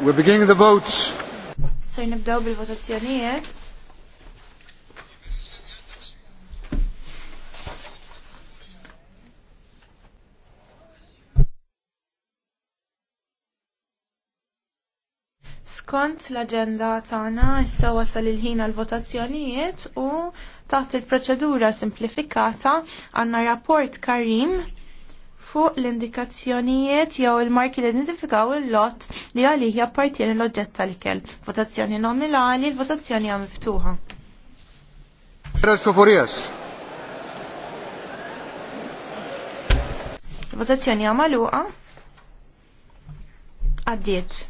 We're beginning the votes. Ser nibdew bil-votazzjonijiet. Skont l-agenda tagħna issa wasal il-ħin għal-votazzjonijiet u taħt il-proċedura simplifikata għandna rapport Karim fuq l-indikazzjonijiet jew il-marki li identifikaw il-lot li għalih jappartieni l-oġġett tal-ikel. Votazzjoni nominali, l-votazzjoni hija miftuħa. Votazzjoni hija magħluqa. Għaddiet.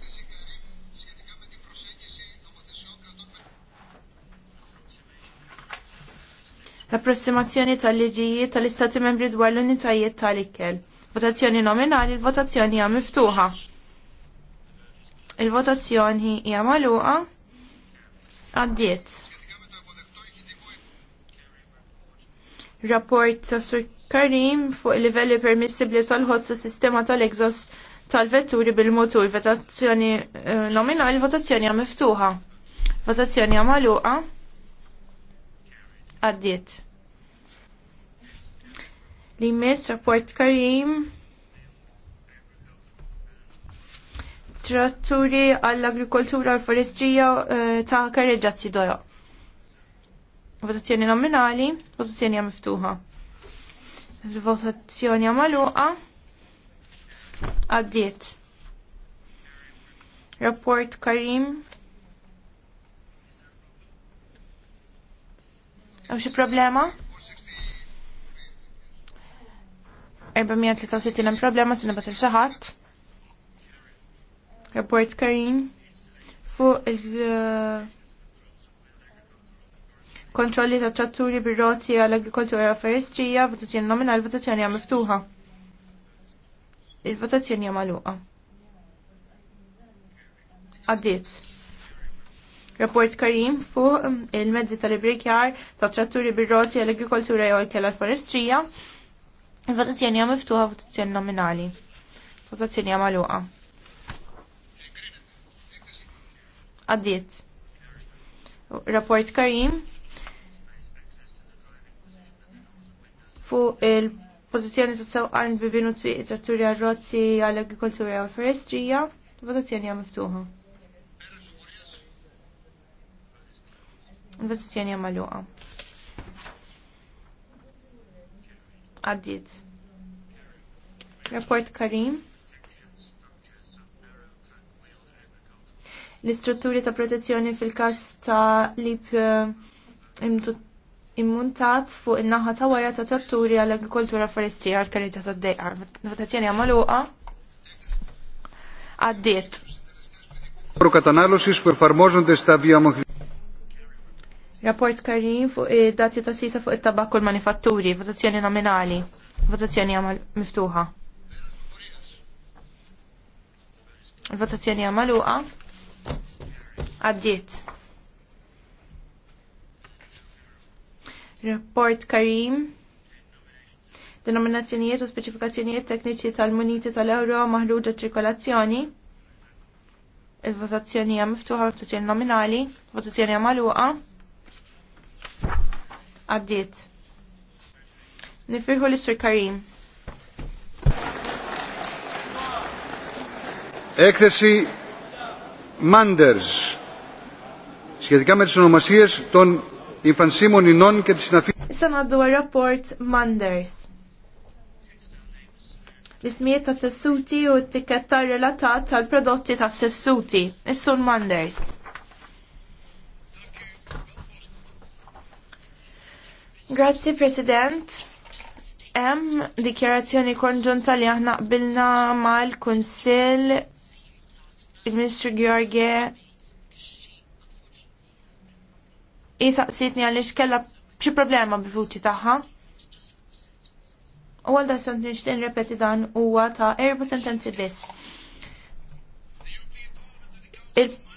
l-approssimazzjoni tal-liġijiet tal-Istati membri dwar l-unitajiet tal-ikkel. Votazzjoni nominali, l votazzjoni hija miftuħa. Il-votazzjoni hija magħluqa għaddiet. Rapport ta' Sur Karim fuq livelli permissibli tal-ħoss u sistema tal-egżos tal-vetturi bil-motur, votazzjoni eh, nominali, votazzjoni hija miftuħa. Votazzjoni hija magħluqa għaddiet. Li mis rapport Karim tratturi għall-agrikoltura u forestrija eh, ta' karreġati doja. Votazzjoni nominali, votazzjoni miftuħa. Votazzjoni għamaluqa għaddiet. Rapport Karim Hemm xi problema? 463 hemm problema se bat il ħadd. Rapport Karim fuq il- eh, kontrolli ta' ċatturi bil roti għall-agrikoltura affaristrija, votazzjoni nominal, votazzjoni għam miftuħa. Il-votazzjoni għam għaluqa. Għaddit. Rapport Karim fuq um, il-mezzi tal-ibrikjar ta' tratturi bil-roti għall-agrikoltura jew kella l-forestrija. Il-votazzjoni għam miftuħa votazzjoni nominali. Votazzjoni hija magħluqa. Għaddiet. Rapport Karim fuq il-pożizzjoni ta' sewqan bibinu twieq tratturi għal-roti għall-agrikoltura jew l-forestrija. Votazzjoni għam miftuħa. Votazzjoni maluqa. Għaddit. Rapport Karim. L-istrutturi ta' protezzjoni fil kas ta' lib eh, immuntat fuq il naħa ta' wara ta' tatturi għall-agrikoltura forestija għal-karita ta' d-dejqa. Votazzjoni għamaluqa. Għaddiet. Προκατανάλωσης που εφαρμόζονται στα βιομηχανικά Rapport Karim fuq id-dati ta' sisa fuq it-tabakku l-manifatturi, votazzjoni nominali, votazzjoni għamal miftuħa. Votazzjoni għamal uqa. Għaddiet. Rapport Karim. Denominazzjonijiet u speċifikazzjonijiet tekniċi tal-muniti tal-euro maħruġa ċirkolazzjoni. Il-votazzjoni għam miftuħa, votazzjoni nominali, votazzjoni għamal uqa. Għaddiet. Nifirħu l-Sur Karim. Έκθεση Manders σχετικά με τις ονομασίες των Ιφανσίμων Ινών και της Συναφής. Σαν għaddu rapport Manders. L-ismijiet ta' tessuti u t-tiketta relatat tal-prodotti ta' tessuti. Manders. Grazzi President. Hemm dikjarazzjoni konġunta li aħna qbilna mal-Kunsill il-Ministru Gjorge George sitni għaliex kellha xi problema bil-vuti tagħha. U għal dasant nishtin repeti dan u għata erba sentenzi biss.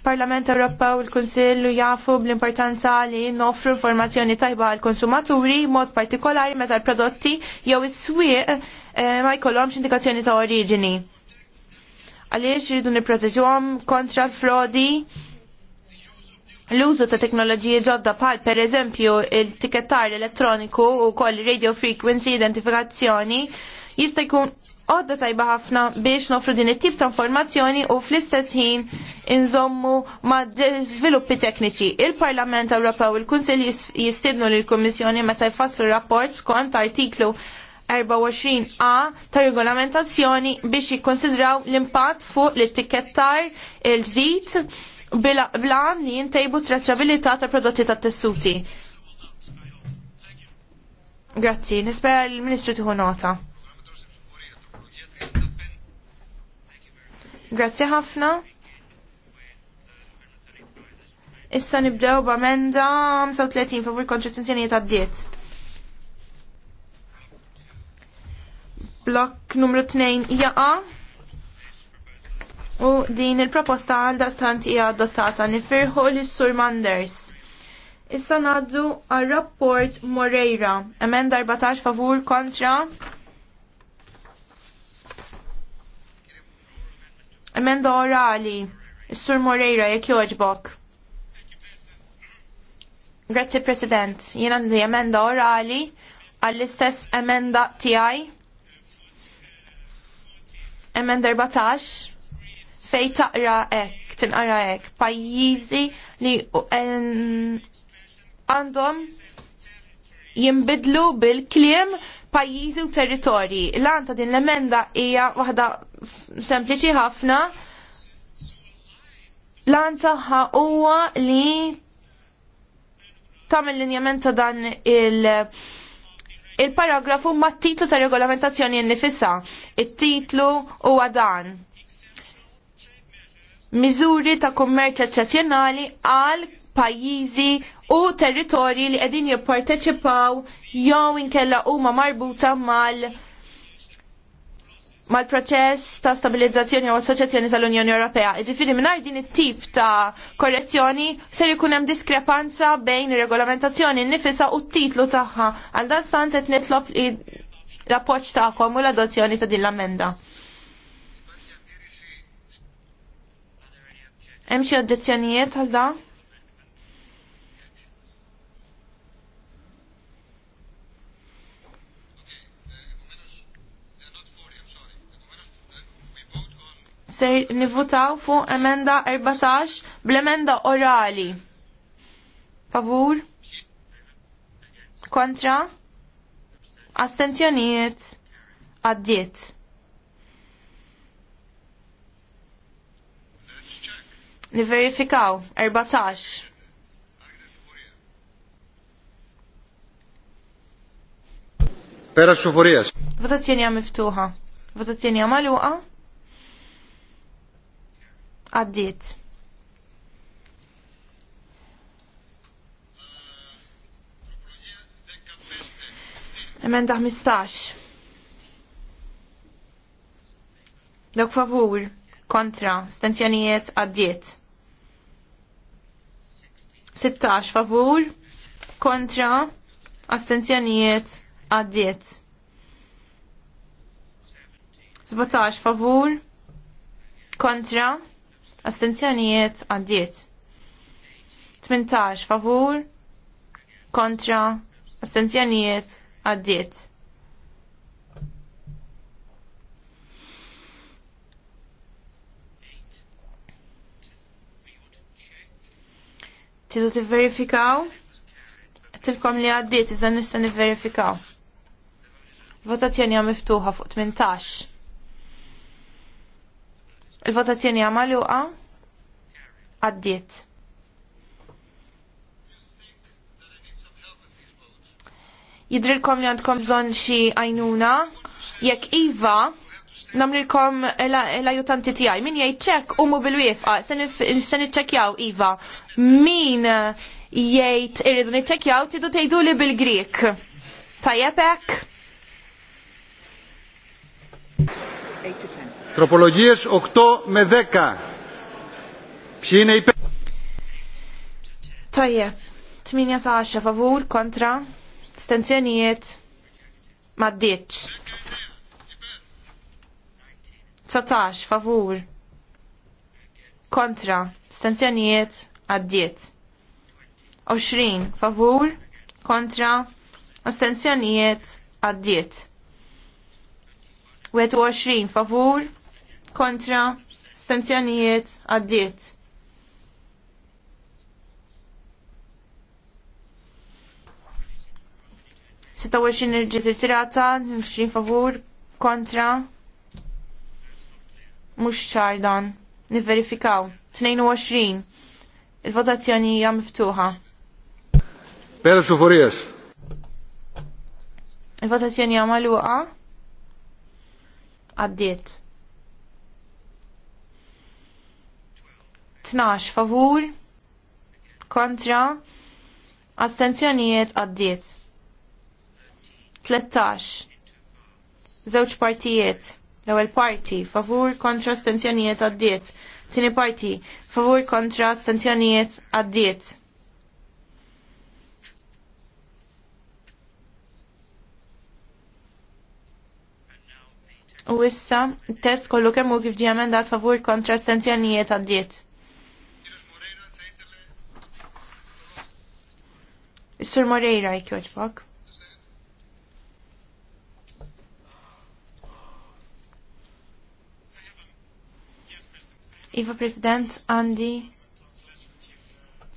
Parlament Ewropew u l-Kunsill jafu bl-importanza li noffru informazzjoni tajba għal konsumaturi mod partikolari meta l-prodotti jew is-swieq eh, ma jkollhomx indikazzjoni ta' oriġini. Għaliex jridu nipproteġuhom kontra frodi L-użu ta' teknoloġiji ġodda bħal per eżempju il-tikettar elettroniku u koll radio frequency identifikazzjoni jista' jkun għodda tajba ħafna biex nofru din it-tip ta' informazzjoni u fl-istess ħin inżommu ma' sviluppi tekniċi. Il-Parlament Ewropew il-Kunsil jistidnu lill-Kummissjoni meta jfassu rapport skont artiklu 24a ta' regolamentazzjoni biex jikkonsidraw l-impatt fuq l etikettar il-ġdid blan li jintejbu traċċabilità ta' prodotti ta' tessuti. Grazzi, nispera l-Ministru tieħu nota. Grazzi ħafna. Issa nibdew b'amenda 35 favur kontra astenzjonijiet għaddiet. Blok numru 2 jaqa. U din il-proposta għal stant hija adottata nifirħu l-Sur Manders. Issa naddu għal rapport Moreira, emenda 14 favur kontra. Emenda orali, Is-Sur Moreira, jekk joġbok. Grazzi President, Jien għandi emenda orali għall-istess emenda tiegħi. Emenda 14 fej taqra ek, tinqara ek, pajjiżi li għandhom jimbidlu bil-kliem pajjiżi u territorji. L-għanta din l-emenda hija waħda sempliċi ħafna. L-għanta huwa li tagħmel linjament ta' dan il- il-paragrafu ma' titlu ta' regolamentazzjoni jennifissa. Il-titlu huwa dan. Miżuri ta' kummerċ eccezjonali għal pajjiżi u territorji li qegħdin jipparteċipaw jew inkella huma marbuta mal- mal-proċess ta' stabilizzazzjoni u assoċjazzjoni tal-Unjoni Ewropea. Ġifiri mingħajr din it-tip ta' korrezzjoni ser ikun hemm diskrepanza bejn ir-regolamentazzjoni nifisa u t-titlu tagħha. Għal dan stant qed nitlob l-appoġġ tagħkom u l-adozzjoni ta' din l-amenda. Hemm xi oġġezzjonijiet għal dan? ser nivutaw fu emenda 14 bl-emenda orali. Favur? Kontra? Astenzjoniet? Għaddiet. Niverifikaw 14. Pera xufurijas. Votazzjoni għam miftuħa. Votazzjoni għam għaluqa għaddiet. Emenda 15. Dok favur, kontra, stenzjonijiet għaddiet. 16 favur, kontra, astenzjonijiet għaddiet. 17 favur, kontra, astenzjonijiet għaddiet. 18 favur kontra astenzjonijiet għaddiet. Tidu t-verifikaw? Tilkom li għaddiet, iżan nista' n-verifikaw. Votazzjoni għam miftuħa fuq 18. Il-votazzjoni għamaluqa għaddiet. Jidrilkom li għandkom bżon xi għajnuna, jekk Iva, namrilkom l-ajutanti tijaj, min jgħid ċek u mobil jifqa, sen iċċekjaw Iva, min eh, jgħid irridu niċċekjaw tidu tejdu li bil-Grik. Tajepek? Τροπολογίες 8 με 10. Ποιοι είναι Tajjeb, 18 favur kontra stenzjonijiet ma ddiċ. 19 favur kontra stenzjonijiet għaddiet. 20 favur kontra stenzjonijiet għaddiet. 21 favur kontra stanzjonijiet għaddiet. Sita għaxin irġiet ritirata, 20 favur, kontra, mux ċardan, niverifikaw, 22, il-votazzjoni hija miftuħa. Pera xufurijas. Il-votazzjoni hija maluqa, għaddiet. 12 favur kontra astenzjonijiet għaddiet 13 żewġ partijiet l-ewwel parti favur kontra astenzjonijiet għaddiet tieni parti favur kontra astenzjonijiet għaddiet U issa, test kollu kemmu kif ġie emendat favur kontra astenzjonijiet għaddiet. Sur Moreira jkjoġbok. Iva President, Andi,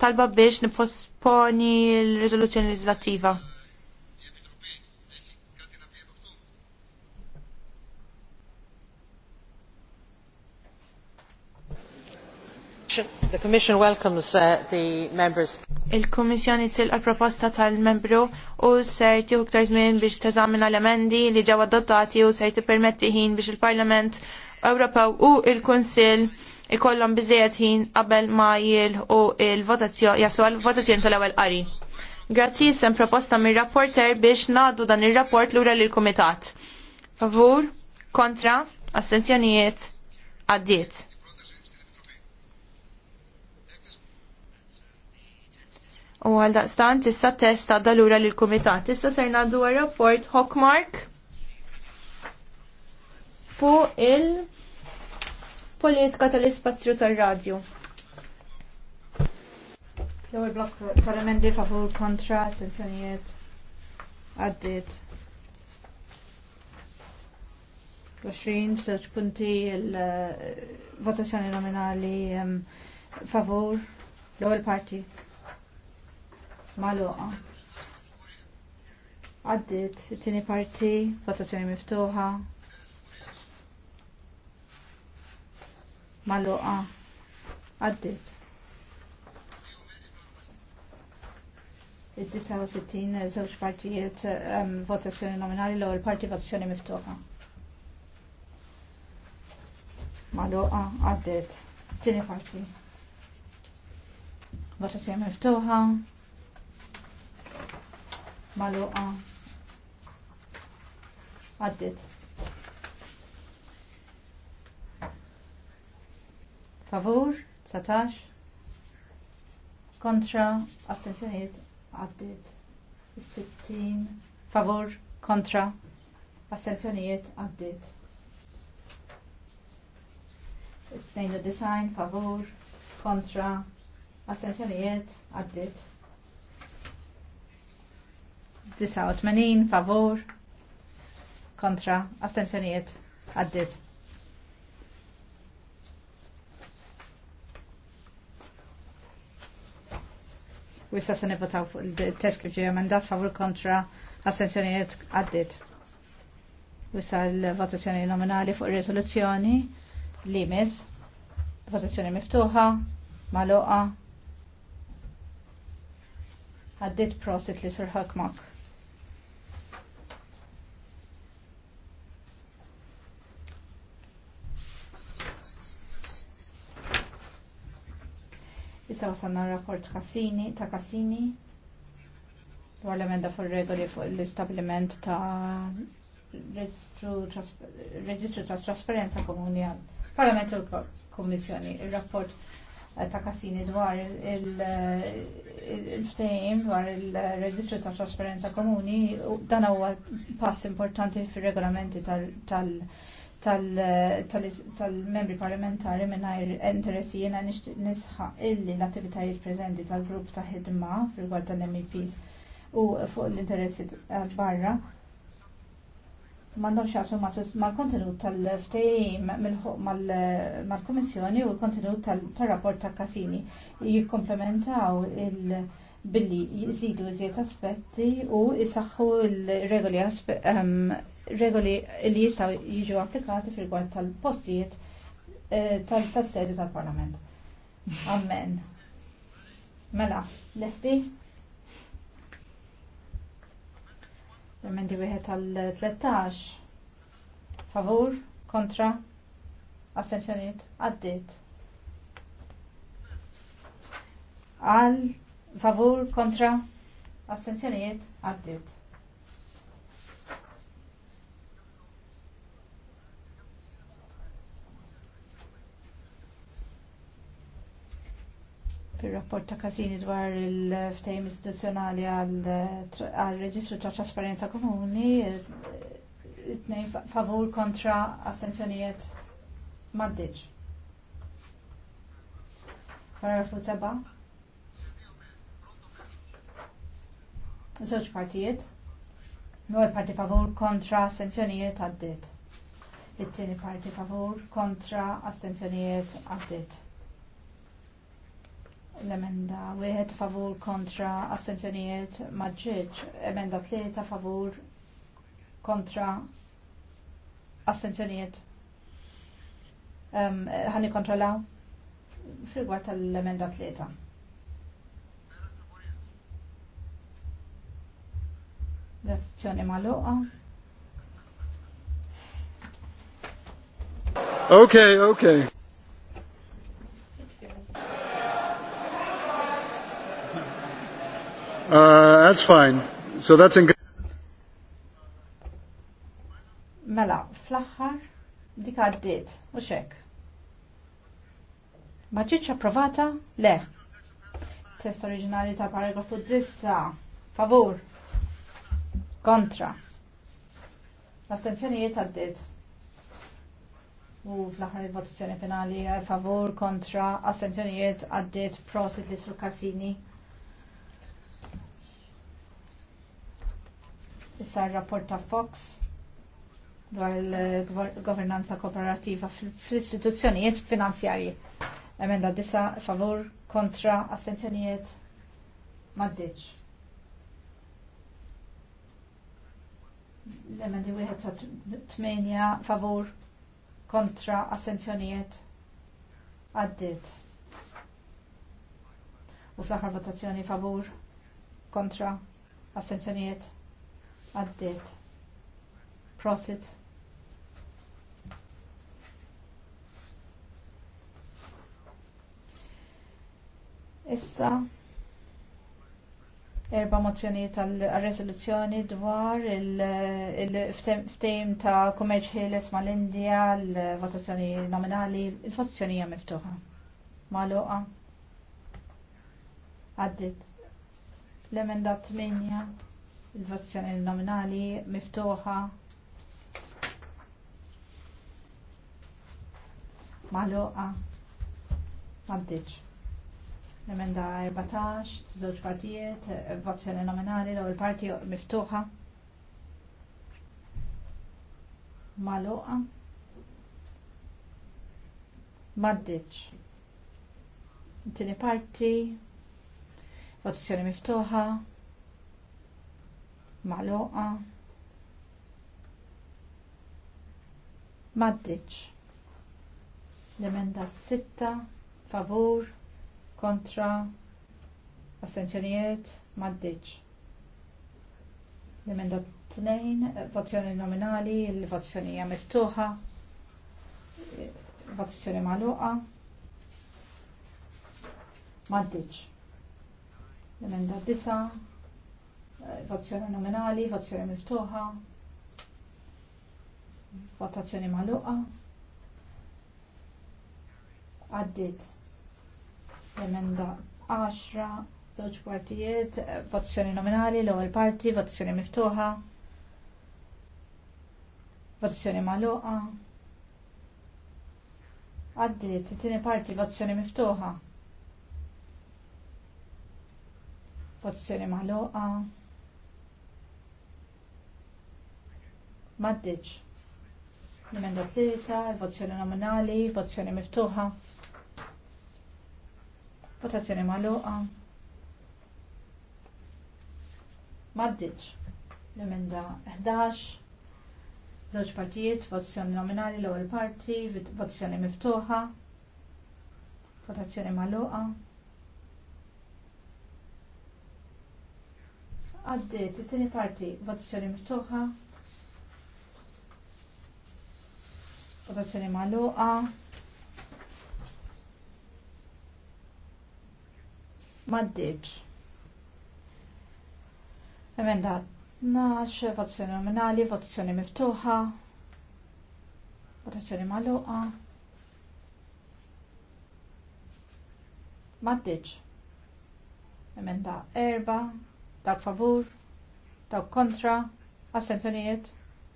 talba biex niposponi l-rezoluzzjoni legislativa. The Commission welcomes uh, the members' il-Kummissjoni tilqa proposta tal-membru u ser tieħu iktar żmien biex teżamina l-emendi li ġew adottati u ser tippermetti ħin biex il-Parlament Ewropew u il-Kunsill ikollhom biżejjed ħin qabel ma u il-votazzjoni jasu għall-votazzjoni tal-ewwel qari. Grazzi sem proposta mir-rapporter biex nagħdu dan ir-rapport lura lil kumitat. Favur, kontra, astenzjonijiet, għaddiet. U għal daqstan, issa test ta' dalura l kumitat Issa ser naddu rapport Hockmark fuq il-politika tal-ispazju tal-radju. L-ewwel blokk tal-emendi favur kontra astensjonijiet għaddiet. 20 żewġ punti il-votazzjoni eh, nominali favur l-ewwel parti maluqa. Għaddit, it-tini parti, votazzjoni miftuħa. Maluqa. Għaddit. Il-69 żewġ partijiet um, votazzjoni nominali l ewwel parti votazzjoni miftuħa. Maluqa għaddit. Tini parti. Votazzjoni miftuħa maluqa għaddit favur 19 kontra astensjoniet għaddit 60 favur kontra astensjoniet għaddit 92 favur kontra astensjoniet għaddit 89 favor, kontra astensjonijiet għaddit. Wissa se nivotaw fuq il-test kif ġie emendat favur kontra astensjonijiet għaddit. Wissa l-votazzjoni nominali fuq ir-riżoluzzjoni li mis votazzjoni miftuħa, maloqa Għaddit prosit li Sur mak. Issa wasalna rapport Cassini, ta' Cassini dwar l-emenda fuq regoli fuq l-istabliment ta' reġistru ta' trasparenza komuni għal Parlament u l-Kommissjoni. Il-rapport eh, ta' Cassini dwar il-ftejim dwar il registru ta' trasparenza komuni dan huwa pass importanti fir-regolamenti tal-, tal tal-membri parlamentari minnajr interessi jena nisħaq illi l-attivitajiet prezenti tal-grupp ta' ħidma fil-gwad tal-MEPs u fuq l-interessi barra mandom xaqsu mal kontenut tal-ftejim mal-komissjoni u l kontenut tal-rapport ta' Kasini jikkomplementaw il- billi jizidu iżjed aspetti u jisaxħu l-regoli ehm, regoli li jistaw jiġu applikati fil-gwart tal-postijiet eh, tal-sedi tal-parlament. Amen. Mela, lesti? Remendi wieħed tal-13. Favur, kontra, Assenzjoniet? għaddit. Għal, favur, kontra, Assenzjoniet? għaddit. fil-rapport ta' Kasini dwar il-ftejm istituzzjonali għal-reġistru ta' trasparenza komuni, it-nej favur kontra astenzjonijiet maddiġ. Paragrafu seba'. Żewġ partijiet. l parti favur kontra astenzjonijiet għaddiet. It-tieni parti favur kontra astenzjonijiet għaddiet l-emenda wieħed favur kontra assenzjonijiet maġġieġ, emenda tlieta favur kontra assenzjonijiet. Għani eh, kontrolaw? kontrollaw fil-gwar tal-emenda tlieta. Reazzjoni maluqa. Okay, okay. Uh, that's fine. So that's in... Mela, fl-axħar dik għaddit, u xek. Ma ġietx approvata? Le. Test oriġinali ta' paragrafu d-dista. Favur. Kontra. L-astenzjonijiet għaddit. U fl-aħħar il-votazzjoni finali favur kontra astenzjonijiet għaddit prosit li sul-Kasini. sa' rapport ta' Fox dwar il-governanza kooperativa fl-istituzzjonijiet finanzjarji. Emenda disa favur kontra astenzjonijiet maddiċ. L-emendi wieħed sa' tmenja favur kontra astenzjonijiet għaddit. U fl-aħħar votazzjoni favur kontra astenzjonijiet għaddiet. Prosit. Issa erba mozzjonijiet tal-resoluzzjoni dwar il-ftejm ta' kummerċ ħeles mal-Indija, l-votazzjoni nominali, il-votazzjoni hija miftuħa. Maluqa. Għaddit. L-emenda 8 il-votazzjoni nominali miftuħa maluqa għaddiċ. L-emenda 14, żewġ partijiet, votazzjoni nominali, l-ewwel parti miftuħa. Maluqa. Maddiċ. Tieni parti, votazzjoni miftuħa maloqa maddiċ l-emenda sitta favur kontra assenzjonijiet maddiċ l-emenda tnejn votjoni nominali l-votazzjoni hija miftuħa votazzjoni magħluqa maddiċ l-emenda disa' votazzjoni nominali, votazzjoni miftuħa, votazzjoni magħluqa. Għaddit l-emenda 10, żewġ partijiet, votazzjoni nominali, l-ewwel parti, votazzjoni miftuħa, votazzjoni magħluqa. Għaddit it-tieni parti, votazzjoni miftuħa. Votazzjoni magħluqa. maddiċ. Nimenda t tlieta, il-votazzjoni nominali, votazzjoni miftuħa. Votazzjoni magħluqa. Maddiċ. L-emenda 11. Żewġ partijiet, votazzjoni nominali l-ewwel parti, votazzjoni miftuħa. Votazzjoni magħluqa. Għaddiet, it-tieni parti, votazzjoni miftuħa. votazzjoni magħluqa. Maddiċ. Emenda 12, votazzjoni nominali, votazzjoni miftuħa, votazzjoni magħluqa. Maddiċ. Emenda 4, dak favur, dak kontra, assenzjonijiet,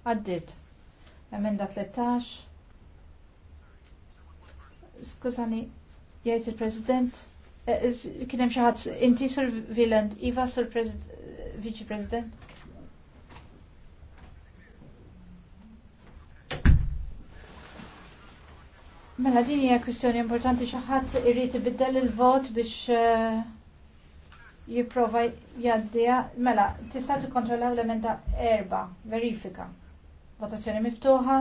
għaddit. Emenda 13, skużani, jgħid il-President, eh, eh, kien hemm xi ħadd inti sur Viland, Iva sur Vice President. Mela din hija kwistjoni importanti xi ħadd irid ibiddel il-vot biex eh, jipprova jgħaddiha. Mela, tista' tikkontrollaw l-emenda erba' verifika. Votazzjoni miftuħa,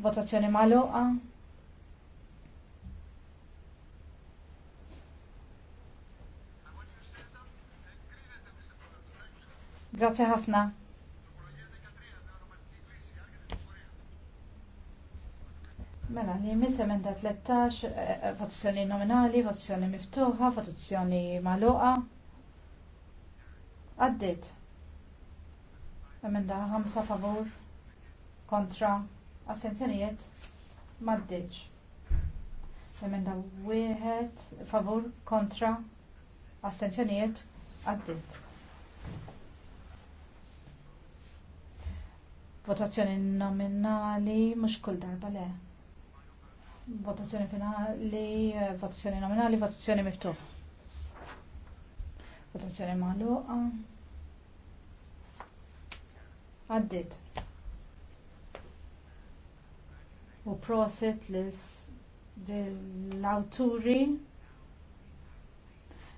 Votazzjoni maluqa. Grazie ħafna. Mela, li jmiss emenda 13, eh, eh, votazzjoni nominali, votazzjoni miftuħa, votazzjoni maluqa. Għaddit. Emenda 5 favor? kontra, Assenzjonijiet maddiċ. Emenda wieħed favur kontra assenzjonijiet għaddit. Votazzjoni nominali mhux kull darba le. Votazzjoni finali, eh, votazzjoni nominali, votazzjoni miftuħ. Votazzjoni magħluqa. Għaddit u proset l-awturi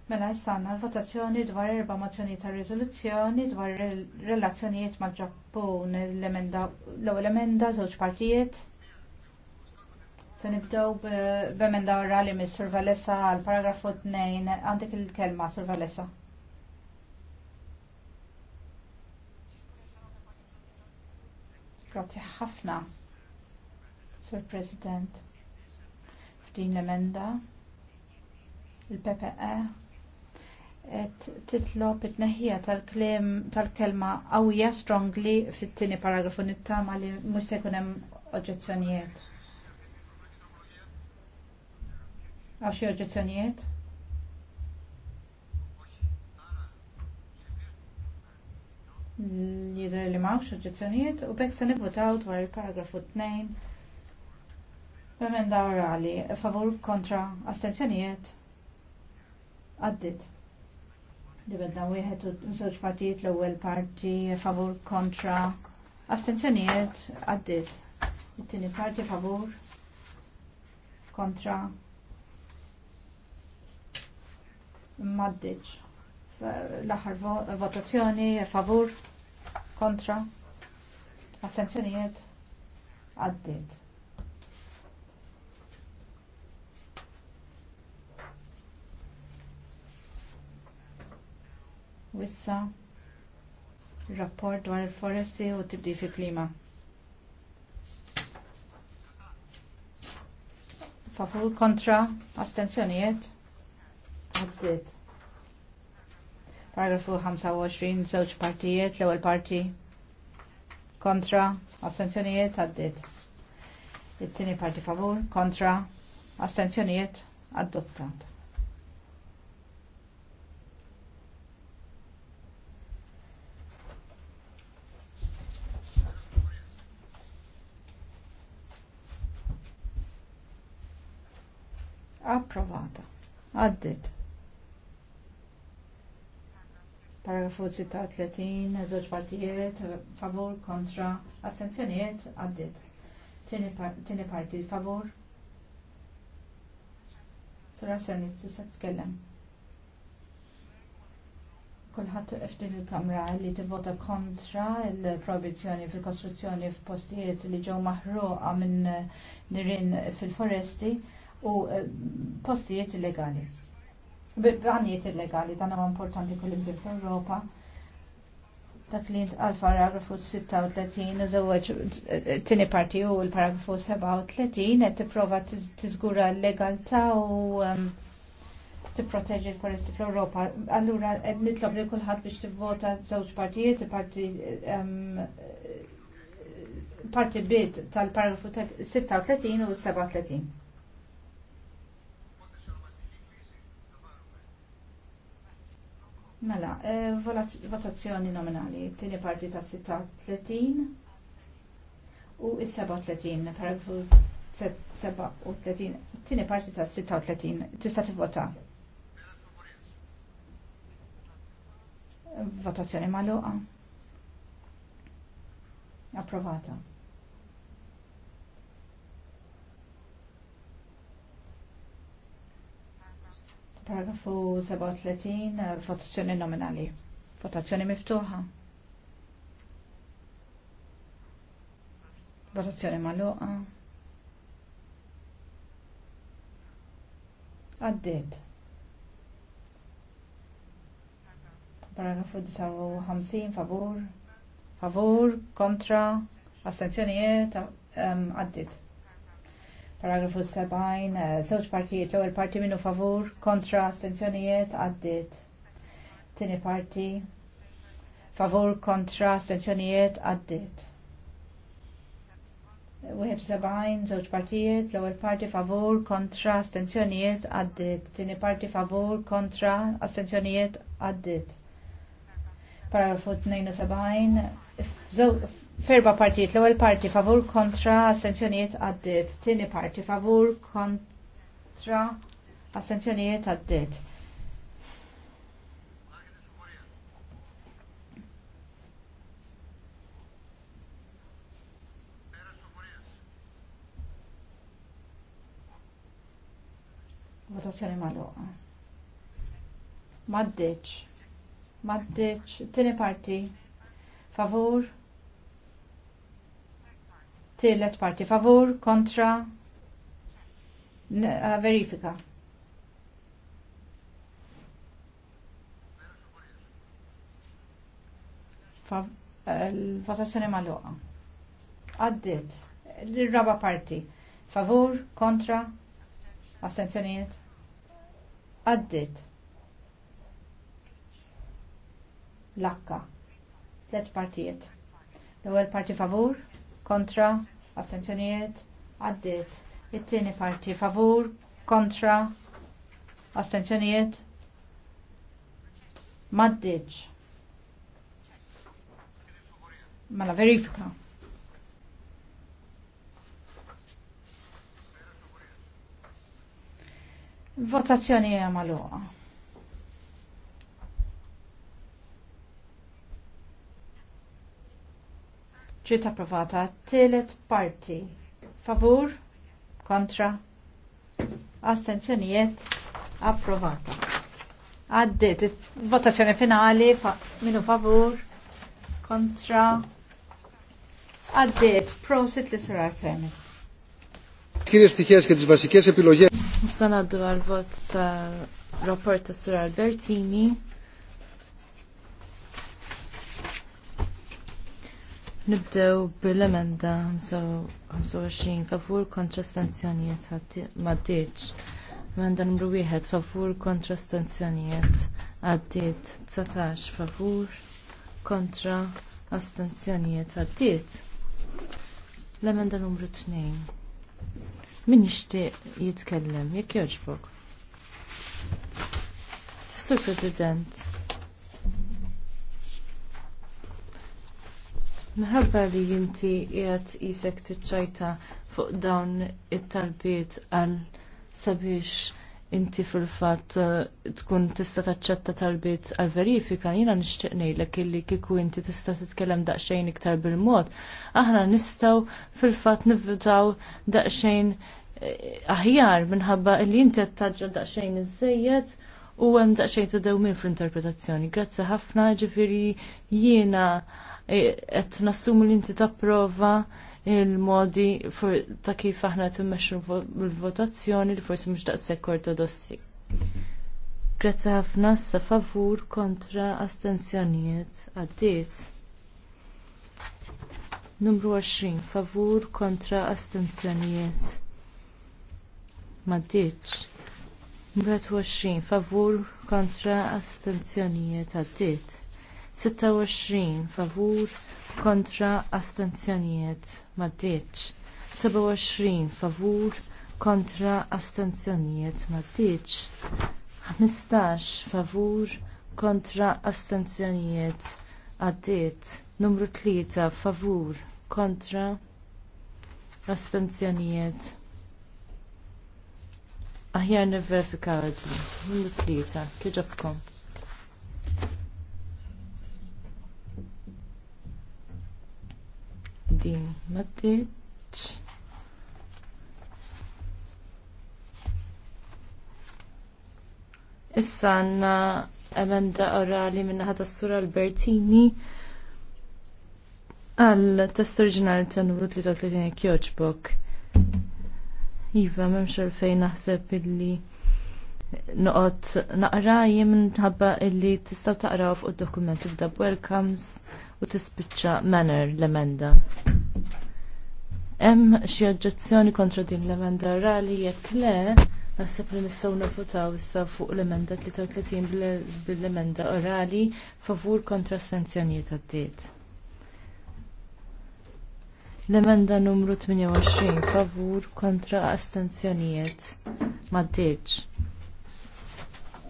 mela jissanna l-votazzjoni dwar erba mozzjoni ta' riżoluzzjoni dwar relazzjonijiet ma' ġappun l-ewwel emenda żewġ partijiet. Se nibdew b'emenda orali mis survalessa għal paragrafu 2 għandek il-kelma survalessa. Grazie ħafna. Sir President, f'din l-emenda, il-PPE, et titlob it-neħija tal-kelma tal qawwija strongly fit-tieni paragrafu nittama li mhux se jkun hemm oġġezzjonijiet. Għaw xi oġġezzjonijiet? jidher li mawx oġġezzjonijiet u bekk se nivvutaw dwar il-paragrafu 2 B'emenda orali, favur kontra astenzjoniet, għaddit. Dibedna wieħed u żewġ partijiet l-ewwel parti favur kontra astenzjoniet, għaddit. It-tieni parti favur kontra maddiċ. L-aħħar votazzjoni favur kontra astenzjonijiet għaddit. issa rapport dwar il-foresti u tibdil fil-klima. Favur kontra astenzjonijiet għaddit. Paragrafu 25, żewġ partijiet, l-ewwel parti kontra astenzjonijiet għaddit. It-tieni parti favur kontra astenzjonijiet adottat. approvata. Għaddit. Paragrafu 36, eżoġ partijiet, favur, kontra, assenzjonijiet, għaddit. Tini parti, favur. Sura senis, tista' tkellem. Kulħadd eftin il-kamra li tivvota kontra il-proibizzjoni fil-kostruzzjoni f'postijiet li ġew maħruqa minn nirien fil-foresti u eh, postijiet illegali. Għanijiet illegali, dan huwa importanti kullim fl-Europa. Dak li għal paragrafu 36 żewġ eh, tini parti u l-paragrafu 37 qed tipprova tiżgura l-legalità u ehm, t-proteġi l-foresti fl-Ewropa. Allura qed nitlob li kulħadd biex tivvota żewġ partijiet, il-parti ehm, parti bid tal-paragrafu 36 u 37. Mela, eh, votazzjoni nominali, tini parti ta' 36 u il-37, paragrafu 37, tini parti ta' 36, tista' tivvota. Votazzjoni maluqa. Approvata. Paragrafu 37, eh, votazzjoni nominali. Votazzjoni miftuħa. Votazzjoni maluqa. Għaddit. Paragrafu 59, favur. Favur, kontra, astenzjonijiet, eh, għaddit. Um, Paragrafu 70, eh, żewġ partijiet, l-ewwel parti minnu favur, kontra astenzjonijiet għaddit. Tieni parti favur kontra astenzjonijiet għaddiet. 71 żewġ partijiet, l-ewwel parti favur kontra astenzjonijiet għaddiet, tieni parti favur kontra astenzjonijiet għaddiet. Paragrafu 72 Ferba partijiet l-ewwel parti favur kontra assenzjonijiet għaddiet, tieni parti favur kontra assenzjonijiet għaddit. votazzjoni maluqa. Maddeċ. Maddeċ. Tini parti. Favur. Tillet parti favur, kontra, verifika. Eh, Votazzjoni maluqa. Għaddit. l raba parti. Favur, kontra, assenzjoniet. Għaddit. Lakka. Tlet partijiet. L-ewwel parti favur, kontra, astenzjonijiet għaddit. It-tieni parti favur, kontra, astenzjonijiet maddiċ. Mela verifika. Votazzjoni għamaluqa. ġiet approvata telet parti. Favur, kontra, astenzjonijiet, approvata. Għaddit, votazzjoni finali, fa, minu favur, kontra, għaddit, prosit li surar semis. Kien irtikjes kien basikejes epilogjes. Sanaddu għal-vot ta' rapport ta' Sur Albertini. Nibdew bil-emenda 25 favur kontra stanzjonijiet maddiċ. Emenda numru 1 favur kontra stanzjonijiet għaddiet 19 favur kontra astenzjonijiet għaddiet. L-emenda numru 2. Min jixtieq jitkellem, jekk jogħġbok. Sur President, Nħabba li jinti qiegħed isek ċajta fuq dawn it-talbiet għal sabiex inti fil-fatt eh, tkun tista' taċċetta talbiet għal verifika jiena nixtieq ngħidlek illi kieku inti tista' titkellem daqsxejn iktar bil-mod. Aħna nistgħu fil-fatt nivvitaw daqsxejn eh, aħjar minħabba li inti qed daqxajn daqsxejn iżejjed u hemm daqsxejn ta' dewmin fl-interpretazzjoni. Grazzi ħafna ġifiri jiena qed nassumu li inti tapprova il-modi ta' kif aħna timmexxu l-votazzjoni li forsi mhux daqshekk ortodossi. Grazzi ħafna sa favur kontra astenzjonijiet għaddiet. Numru 20. Favur kontra astenzjonijiet. Maddiċ. Numru 20. Favur kontra astenzjonijiet. Għaddiet. 26 favur kontra astenzjonijiet maddiċ. 27 favur kontra astenzjonijiet maddiċ. 15 favur kontra astenzjonijiet għaddiet. Numru 3 favur kontra astenzjonijiet. Aħjar nivverifikaw għaddi. Numru 3 kieġobkom. din ma Issa għanna emenda orali minna ħata s-sura Albertini għal test oriġinali ta' numru 33 kjoċbok. Iva, memx xorfejn naħseb illi noqot naqra jien minħabba illi tistaw taqraw fuq id-dokumenti f'da welcomes u tispiċċa manner l-emenda. Hemm xi oġġezzjoni kontra din l-emenda orali jekk le, naħseb li nistgħu nafutaw issa fuq l-emenda 33 bil-emenda orali favur kontra sanzjonijiet għaddiet. L-emenda numru 28 favur kontra astenzjonijiet. Maddiċ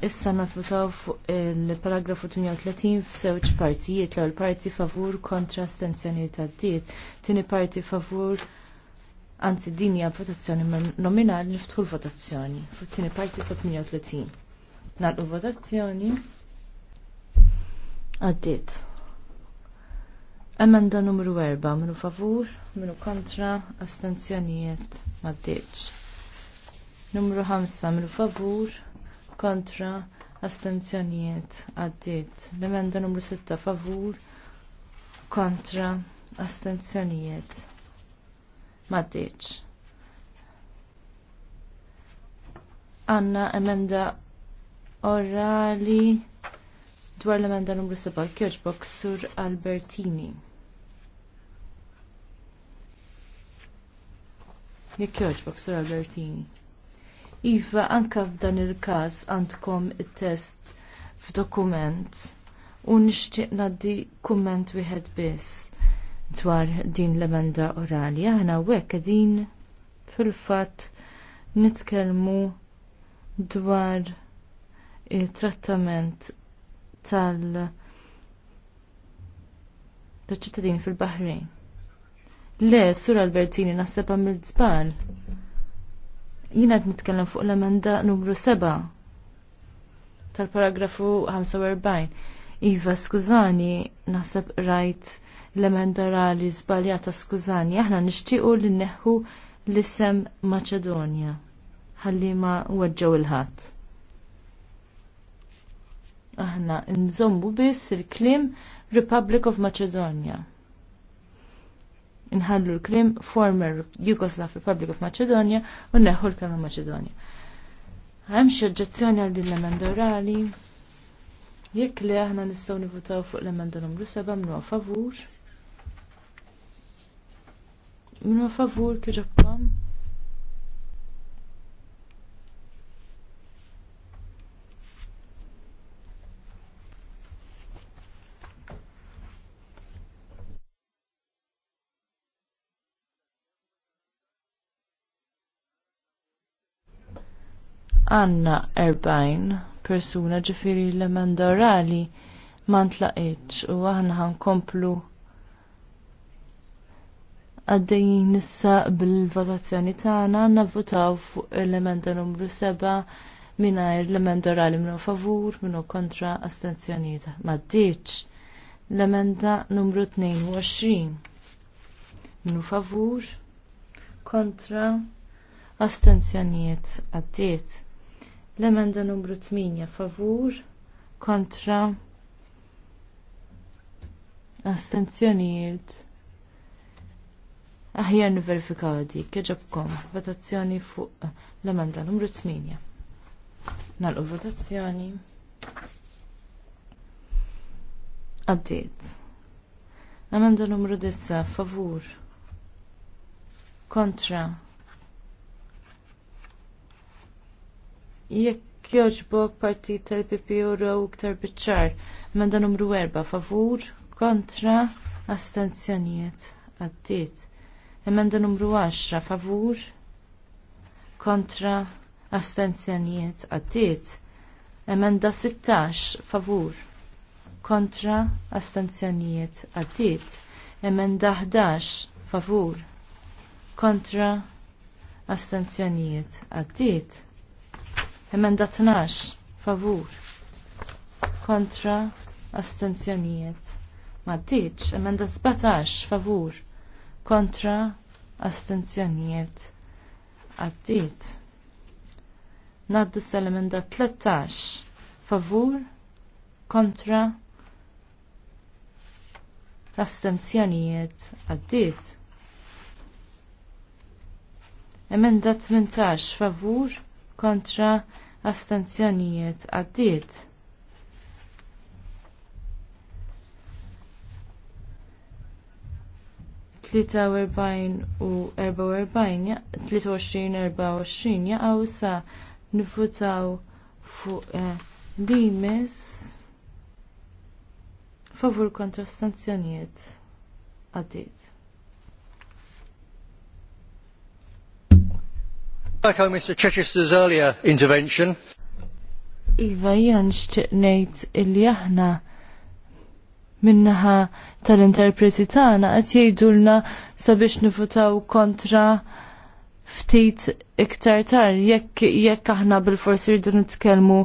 issa nafutaw fuq il-paragrafu 38 f'żewġ partijiet l-ewwel parti favur kontra stenzjoni tad-diet, tieni parti favur anzi din hija votazzjoni nominali niftħu l-votazzjoni fuq tieni parti ta' 38. Nagħlqu votazzjoni għaddiet. Emenda numru 4 minu favur, minu kontra, astenzjonijiet ma' Numru 5 minu favur, kontra astenzjonijiet għaddiet. L-emenda numru 6 favur kontra astenzjonijiet maddiċ. Għanna emenda orali dwar l-emenda numru 7 kjoġbok sur Albertini. Jekk jogħġbok, Sur Albertini. Iva, anka f'dan il-każ għandkom it-test f'dokument u nixtieq ngħaddi kumment wieħed biss dwar din l-emenda orali. Aħna hekk din fil-fatt nitkellmu dwar it-trattament tal- ċittadini fil-Bahrejn. Le, Sur Albertini, naħseb għamil żball. Jina qed nitkellem fuq l-emenda numru 7 tal-paragrafu 45. Iva, skużani, naħseb rajt l-emenda rali żbaljata skużani, aħna nixtiequ li neħu l-isem Maċedonja Għalli ma weġġew il-ħadd. Aħna nżommu biss il-klim Republic of Macedonia inħallu l-krim former Yugoslav Republic of Macedonia u neħu l-kelma Macedonia. Hemm xi oġġezzjoni għal din l-emenda orali. Jekk li aħna nistgħu nivutaw fuq l-emenda numru 7 minnu favur. Minnu favur kieġobkom. għanna 40 persuna ġifiri l-emenda orali ma ntlaqitx u aħna komplu għaddejjin nissa bil-votazzjoni tagħna votaw fuq l-emenda numru 7 mingħajr l-emenda orali minnu favur minnu kontra astenzjonijiet ma ddiċ l-emenda numru 22 minnu favur kontra astenzjonijiet għaddiet. L-emenda numru 8 favur kontra astenzjonijiet. Aħjar niverifikaw dik, kieġabkom, votazzjoni fuq eh, l-emenda numru 8. Nalqu votazzjoni. Għaddiet. Emenda numru 9, favur. Kontra. Jekk joġbok partit tal-PP Euro iktar biċċar, menda numru erba' favur, kontra, astenzjonijiet, għaddiet. Emenda numru 10 favur, kontra, astenzjonijiet, għaddiet. Emenda 16 favur, kontra, astenzjonijiet, għaddiet. Emenda 11 favur, kontra, astenzjonijiet, għaddiet Emenda 12. Favur. Kontra. Astenzjonijiet. Maddiċ. Emenda 17. Favur. Kontra. Astenzjonijiet. Addit. Naddu s-emenda 13. Favur. Kontra. Astenzjonijiet. Addit. Emenda 18. Favur kontra astenzjonijiet għaddiet. Tlita u erba u erbajn, tlita uxrin, erba uxrin, jaqaw sa nifutaw fuq eh, limes favur kontra stanzjonijiet għaddiet. Echo Mr. Chichester's earlier intervention. Iva jien nixtieq ngħid illi aħna minnaħa tal-interpreti tagħna qed jgħidulna sabiex nifutaw kontra ftit iktar tar jekk jekk aħna bil-forsi rridu nitkellmu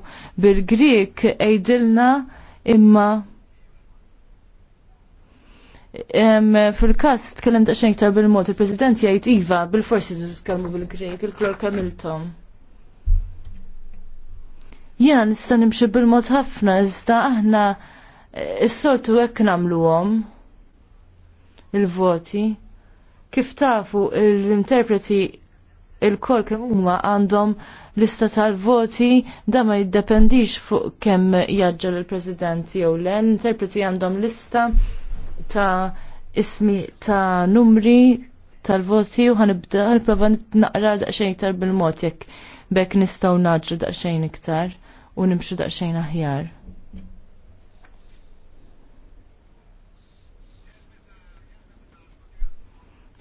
bil-Grik ejdilna imma Fil-kas tkellem xejn iktar bil-mod, il-President jgħid iva bil-forsi titkellmu bil grejk il-klor kamiltom. Jiena nista' nimxi bil-mod ħafna iżda aħna eh, s-soltu hekk nagħmluhom il-voti. Kif tafu l-interpreti il-kol kemm huma għandhom lista tal-voti da ma jiddependix fuq kemm jaġġal il-President jew le, l-interpreti għandhom lista ta' ismi ta' numri tal-voti u ħanibda ħanipprova naqra daqsxejn iktar bil-mod jekk bekk nistgħu naġru daqsxejn iktar u nimxu daqsxejn aħjar.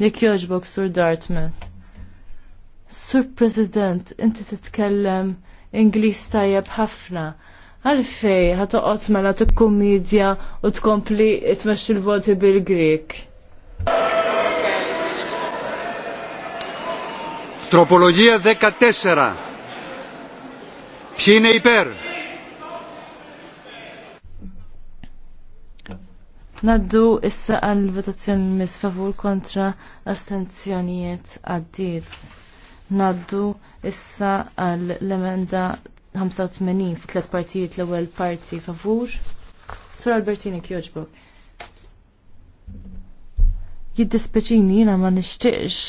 Jekk jogħġbok Sur Dartmouth. Sur President, inti titkellem Ingliż tajjeb ħafna Għalfej, ħatoqot mela t-kommedja u tkompli tmexxi l-voti bil-Grek. Tropologija 14. Pjine iper. Naddu issa għal votazzjoni mis favur kontra astenzjonijiet għaddiet. Naddu issa għal l-emenda 85 fi tliet partijiet l-ewwel parti favur. Sur Albertini kjoġbok. Jiddispeċini jiena ma nixtieqx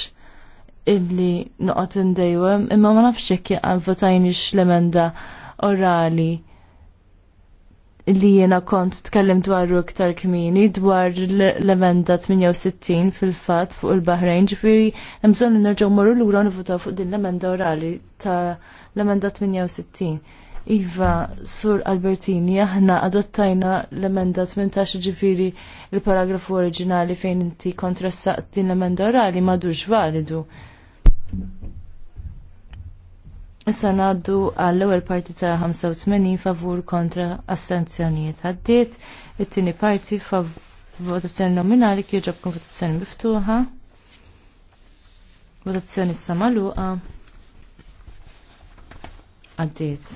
illi noqgħod indejwem imma ma nafx hekk votajniex l-emenda orali li jiena kont tkellem dwar iktar kmini dwar l-emenda 68 fil-fat fuq il-Bahrejn ġifiri bżonn nerġgħu morru lura nivutaw fuq din l-emenda orali ta' l-emenda 68. Iva, Sur Albertini, aħna adottajna l-emenda 18 ġifiri il-paragrafu oriġinali fejn inti kontrassaqt din l-emenda orali madux validu. Issa ngħaddu għall ewwel parti ta' 85 favur kontra assenzjonijiet għaddiet, it-tieni parti votazzjoni nominali kieġob votazzjoni miftuħa, votazzjoni issa magħluqa. Għaddiet.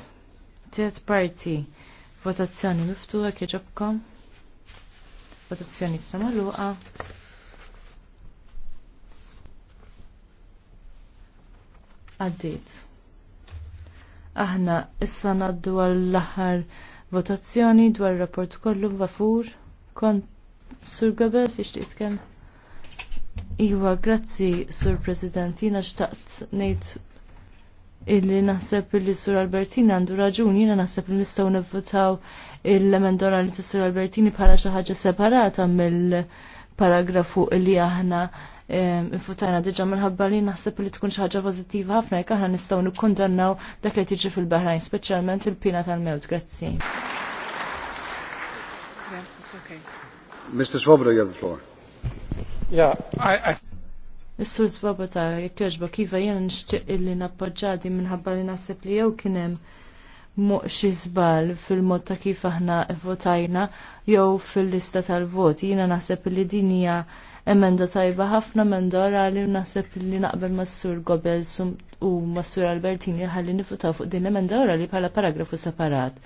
Tiet parti. Votazzjoni miftuħa kieġobkom. Votazzjoni samaluqa. Għaddiet. Aħna issa naddu għall-aħħar votazzjoni dwar rapport kollu vafur kont Sur Gabes ixtiq kemm? Iwa, grazzi, Sur President, jina xtaqt ngħid illi naħseb illi Sur Albertini għandu raġuni, jiena naħseb li nistgħu nevvotaw il-emendora li Sur Albertini bħala xi ħaġa separata mill-paragrafu illi aħna infutajna diġa minħabba li naħseb li tkun xaħġa pozittiva ħafna jekk aħna nistgħu nikkundannaw dak li tiġi fil-Bahrajn, speċjalment il-pina tal-mewt. Grazzi. Mr. Svoboda, you have the floor. Yeah, I, I... Is-sur Zwabata, jekk jogħġbok iva jiena nixtieq illi nappoġġadi minħabba li naħseb li jew kien hemm xi żball fil-mod ta' kif aħna votajna jew fil-lista tal-vot. Jiena naħseb li din hija emenda tajba ħafna emenda orali naħseb li naqbel mas-sur Goebbels u mas-sur Albertini ħalli nifutaw fuq din emenda orali bħala paragrafu separat.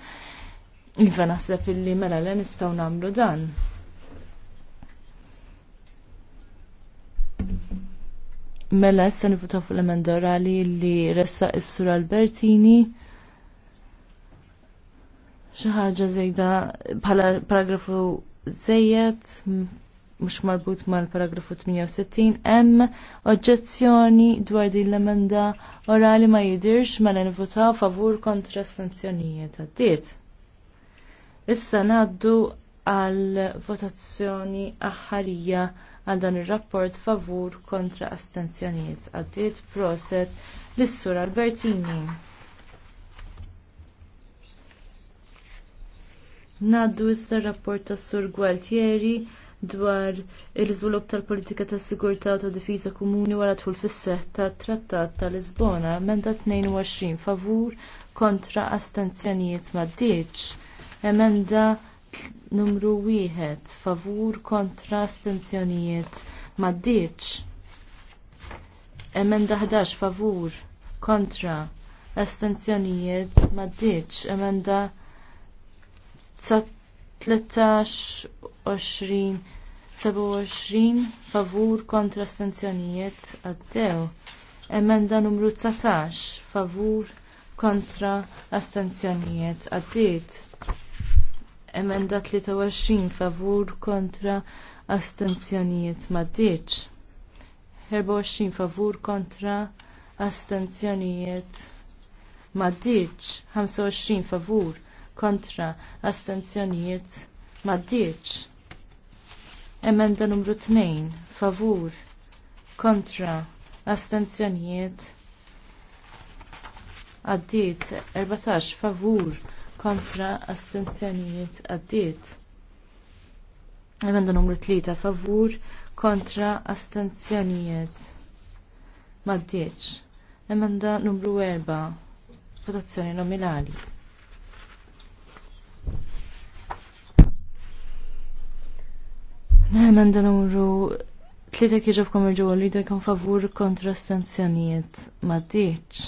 Iva naħseb li mela le nistgħu nagħmlu dan. Mela issa nivutaw fuq l-emenda orali li ressa is-sur Albertini. Xi ħaġa żejda bħala paragrafu żejjed mhux marbut mal-paragrafu 68 hemm oġġezzjoni dwar din l-emenda orali ma jidirx mela nivutaw favur kontra sanzjonijiet għaddiet. Issa ngħaddu għal votazzjoni aħħarija għal dan ir-rapport favur kontra astenzjonijiet. Għaddiet proset l-Sur Albertini. Naddu issa rapport tas Sur Gualtieri dwar l-iżvilupp tal-politika ta' sigurtà u ta' difiża komuni wara dħul fis-seħħ tat Trattat ta' Lisbona, emenda 22 favur kontra astenzjonijiet ma' Emenda numru wieħed favur kontra astenzjonijiet maddiċ. Emenda 11 favur kontra astenzjonijiet maddiċ. Emenda 13 20 27 favur kontra astenzjonijiet għaddew. Emenda numru 19 favur kontra astenzjonijiet għaddiet Emenda 23 favur kontra astenzjonijiet maddiċ. 24 favur kontra astenzjonijiet maddiċ. 25 favur kontra astenzjonijiet maddiċ. Emenda numru 2 favur kontra astenzjonijiet għaddiet 14 favur kontra astenzjonijiet għaddiet. Emenda numru 3 favur kontra astenzjonijiet maddiċ. Emenda numru 4 votazzjoni nominali. Emenda numru 3 kieġobkom irġu li dejkom favur kontra astenzjonijiet maddiċ.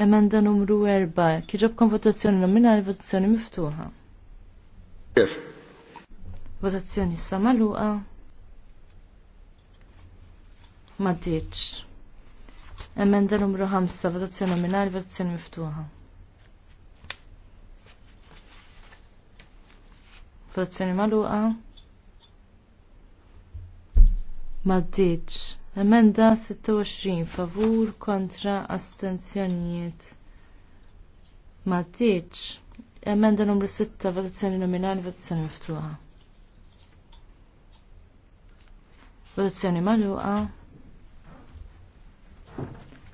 Emenda numru 4. Kieġobkom votazzjoni nominali, votazzjoni miftuħa. Kif? Votazzjoni samaluqa. Ma ditx. Emenda numru 5, votazzjoni nominali, votazzjoni miftuħa. Votazzjoni maluqa. Ma ditx. Emenda 26 favur kontra astenzjonijiet. Ma Emenda numru 6 votazzjoni nominali votazzjoni miftuħa. Votazzjoni magħluqa.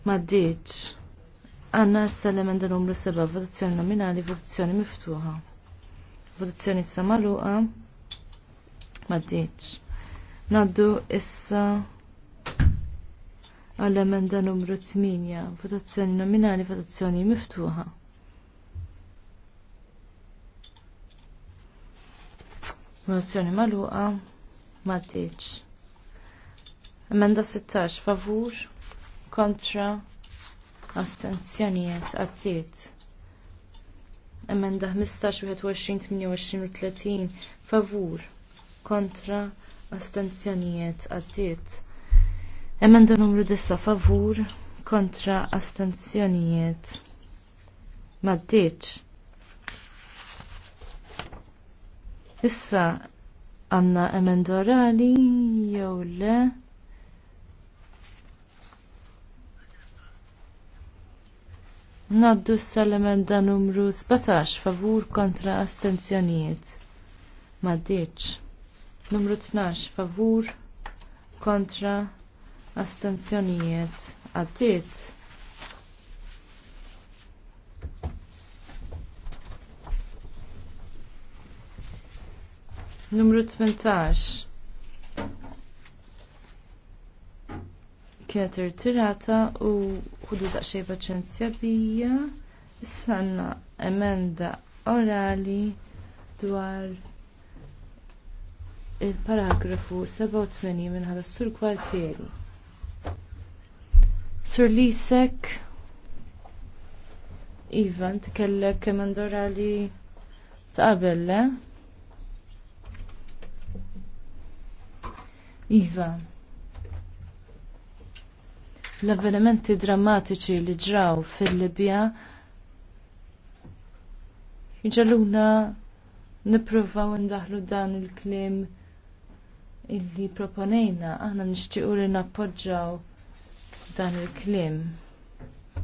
Ma tiċ. Għanna issa l-emenda numru 7 votazzjoni nominali votazzjoni miftuħa. Votazzjoni issa magħluqa. Ma Ngħaddu Naddu issa għall-emenda numru 8, votazzjoni nominali, votazzjoni miftuħa. Votazzjoni maluqa, maddiċ. Emenda 16, favur, kontra, astenzjonijiet, għattiet. Emenda 15, 21, 28, 30, favur, kontra, astenzjonijiet, għattiet Emenda numru 9 favur kontra astenzjonijiet. Maddiċ. Issa għanna emenda orali jew le. Naddu s-salemenda numru 17 favur kontra astenzjonijiet. Maddiċ. Numru 12 favur kontra astenzjonijiet għaddiet. Numru 18. Kienet irtirata u ħudu daqxej paċenzja bija. Issa emenda orali dwar il-paragrafu 87 minn s sur kwartieri. Sur Lisek, Ivan, tkellek kemendora li le. Iva, l-avvenimenti drammatiċi li ġraw fil-Libja jġaluna niprofaw ndaħlu dan il-klim illi proponejna, aħna nixtiequ li nappoġġaw dan il-klim.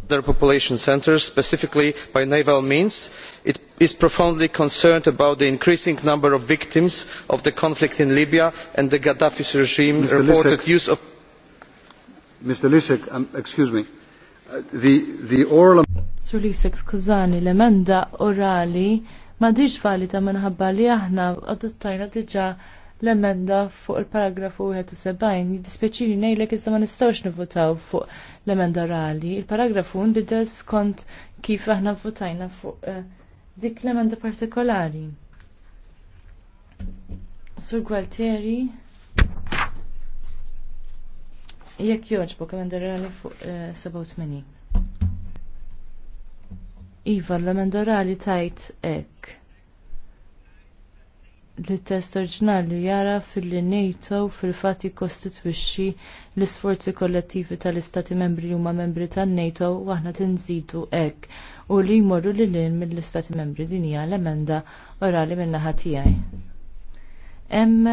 Their population centers, specifically by naval means, it is profoundly concerned about the increasing number of victims of the conflict in Libya and the Gaddafi's regime Mr. reported Lisek, use of. Mr. Lisek, um, excuse me. Uh, the, the oral. Sur Lisek, scusani, l'emenda orali ma diġ valida minħabba li aħna adottajna diġa. Diġa l-emenda fuq il-paragrafu 71 li ngħidlek iżda ma nistgħux nivvotaw fuq l-emenda orali. Il-paragrafu nbidel skont kif aħna votajna fuq eh, dik l-emenda partikolari. Sur Gualtieri, jekk joġbok emenda rali fuq 87. Eh, e iva, l-emenda orali tajt ek li test oriġinali jara fil-li NATO fil-fat jikostitwixxi l-isforzi kollettivi tal-istati membri li huma membri tan-NATO u aħna tinżidu hekk u li jmorru lil mill-istati membri din hija l-emenda orali min-naħa tiegħi. Hemm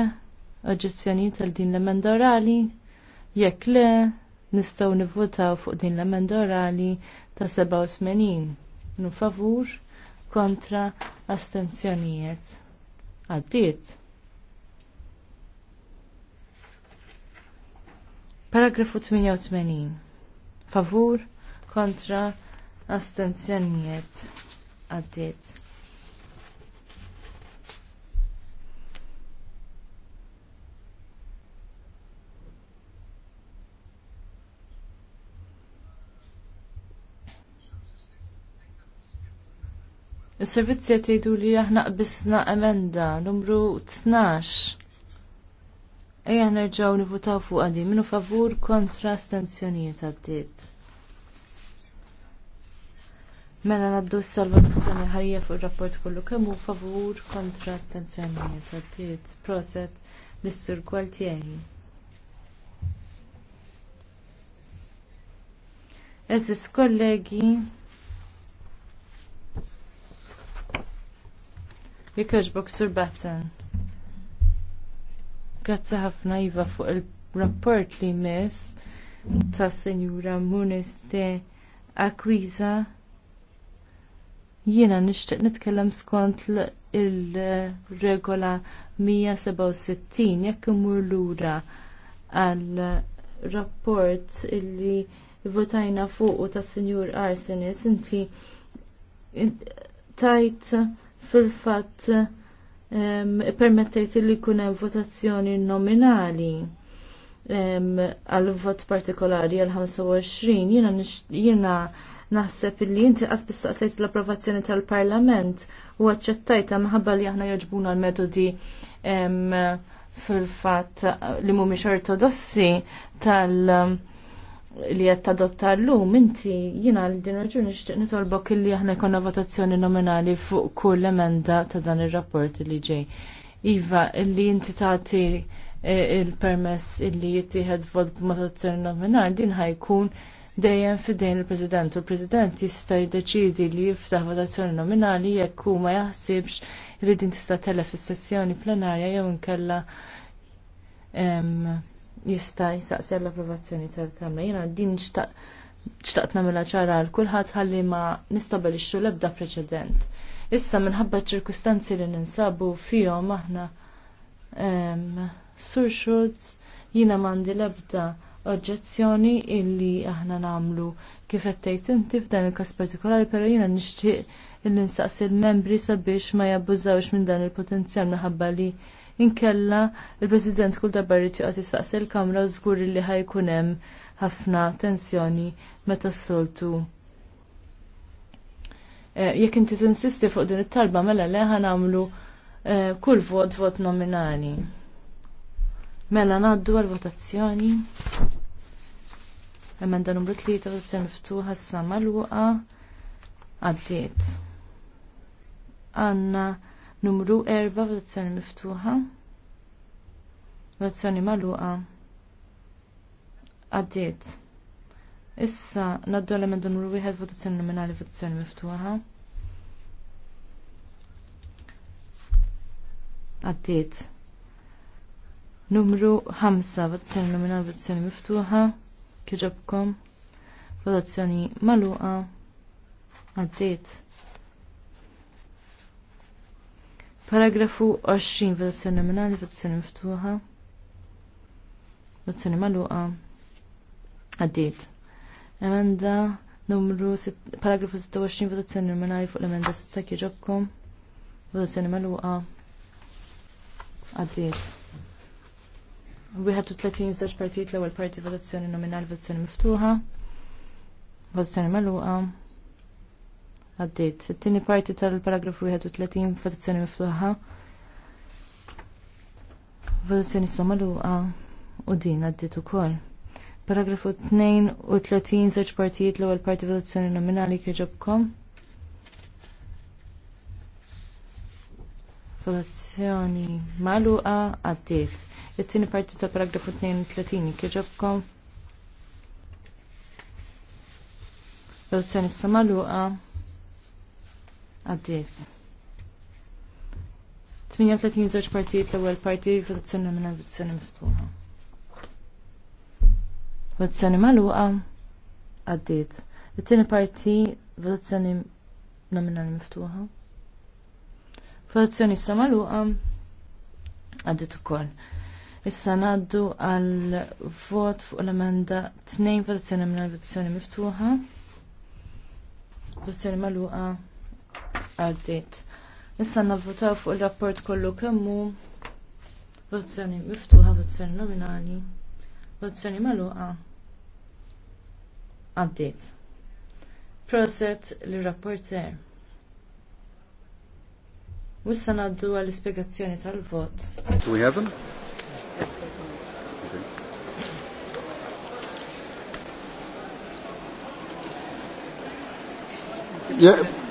oġġezzjonijiet għal din l-emenda orali? Jekk le, nistgħu nivvotaw fuq din l-emenda orali ta' 87 nu favur kontra astenzjonijiet. Għaddiet. Paragrafu 88. Favur kontra astenzjonijiet. Għaddiet. Is-servizzi qed li aħna qbisna emenda numru 12. Ejja nerġgħu nivutaw fuq għadi minu favur kontra astenzjonijiet għaddiet. Mela naddu s-salvazzjoni ħarija fuq ir-rapport kollu kemm hu favur kontra astenzjonijiet għaddit. Proset l-istur Gualtieri. Eżis kollegi, Jekk sur Batten. Grazzi ħafna Iva fuq il-rapport li jmiss ta' Senjura Muniste Akwiza. Jiena nixtieq nitkellem skont il-regola 167 jekk imur lura għal rapport illi votajna fuqu tas Sinjur Arsenis inti tajt fil-fatt permettejt li jkun hemm votazzjoni nominali għal vot partikolari għal 25 jiena jiena naħseb li inti qasbis staqsejt l-approvazzjoni tal-Parlament u għacċettajta maħabba li aħna jogħġbuna l-metodi fil-fatt li mhumiex ortodossi tal- li qed tadotta llum inti jiena għal din raġun nixtieq nitolbok illi aħna jkollna votazzjoni nominali fuq kull emenda ta' dan ir-rapport li ġej. Iva, illi inti tagħti e, il-permess illi jittieħed vot b'votazzjoni nominali din ħajkun dejjem fidejn il-President u l-President jista' jiddeċiedi li jiftaħ votazzjoni nominali jekk hu ma jaħsibx li din tista' telef is-sessjoni plenarja jew inkella jista' saqsel l-approvazzjoni tal-Kamra. Jiena din xtaqt namela ċara għal kulħadd ħalli ma nistabel l-ebda preċedent. Issa minħabba ċirkustanzi li ninsabu fihom aħna Sur jina jiena m'għandi l-ebda oġġezzjoni illi aħna nagħmlu kif qed inti f'dan il-każ partikolari, però jiena nixtieq illi nsaqsi membri sabiex ma jabbużawx minn dan il-potenzjal minħabba li inkella il-President kull darba jrid joqgħod jistaqsi l-Kamra żgur li ħajkun hemm ħafna tensjoni meta s-soltu eh, jekk inti tinsisti fuq din it-talba mela le ħanamlu eh, kull vot vot nominali. Mela ngħaddu għal-votazzjoni. Emenda numru 3 votazzjoni ftuħa s-sama l wqa għaddiet. Għanna Numru 4 votazzjoni miftuħa. Votazzjoni magħluqa. Għaddiet. Issa naddu element numru 1 votazzjoni nominali votazzjoni miftuħa. Għaddiet. Numru 5 votazzjoni nominali votazzjoni miftuħa. Kieġobkom. Votazzjoni magħluqa. Għaddiet. Paragrafu 20, votazzjoni nominali, votazzjoni miftuħa. Votazzjoni maluqa. Għaddit. Emenda numru, paragrafu 26, votazzjoni nominali fuq l-emenda 6 kieġobkom. Votazzjoni maluqa. Għaddit. 31 żewġ partijiet l-ewwel parti votazzjoni nominali votazzjoni miftuħa. Votazzjoni magħluqa. Għaddit. fit tieni parti tal-paragrafu 31 votazzjoni miftuħa. Votazzjoni samaluqa u din għaddit ukoll. Paragrafu 32 żewġ partijiet l-ewwel parti votazzjoni nominali kieġobkom. Votazzjoni maluqa għaddiet. It-tieni parti tal paragrafu 32 kieġobkom. Votazzjoni issa magħluqa Għaddiet. 38 zoċ partijiet l-ewwel parti votazzjoni nominali votazzjoni miftuħa. Votazzjoni maluqa għaddiet. It-tieni parti votazzjoni nominali miftuħa. Votazzjoni issa maluqa għaddiet ukoll. Issa naddu għal vot fuq l-emenda tnejn votazzjoni nominali votazzjoni miftuħa. Votazzjoni magħluqa għaddit. Issa navvotaw fuq il rapport kollu kemmu hu. votazzjoni miftuħa, votazzjoni nominali, votazzjoni maluqa. Għaddit. Proset l rapporter Wissa naddu għall ispiegazzjoni tal-vot. Do we have them? Yeah.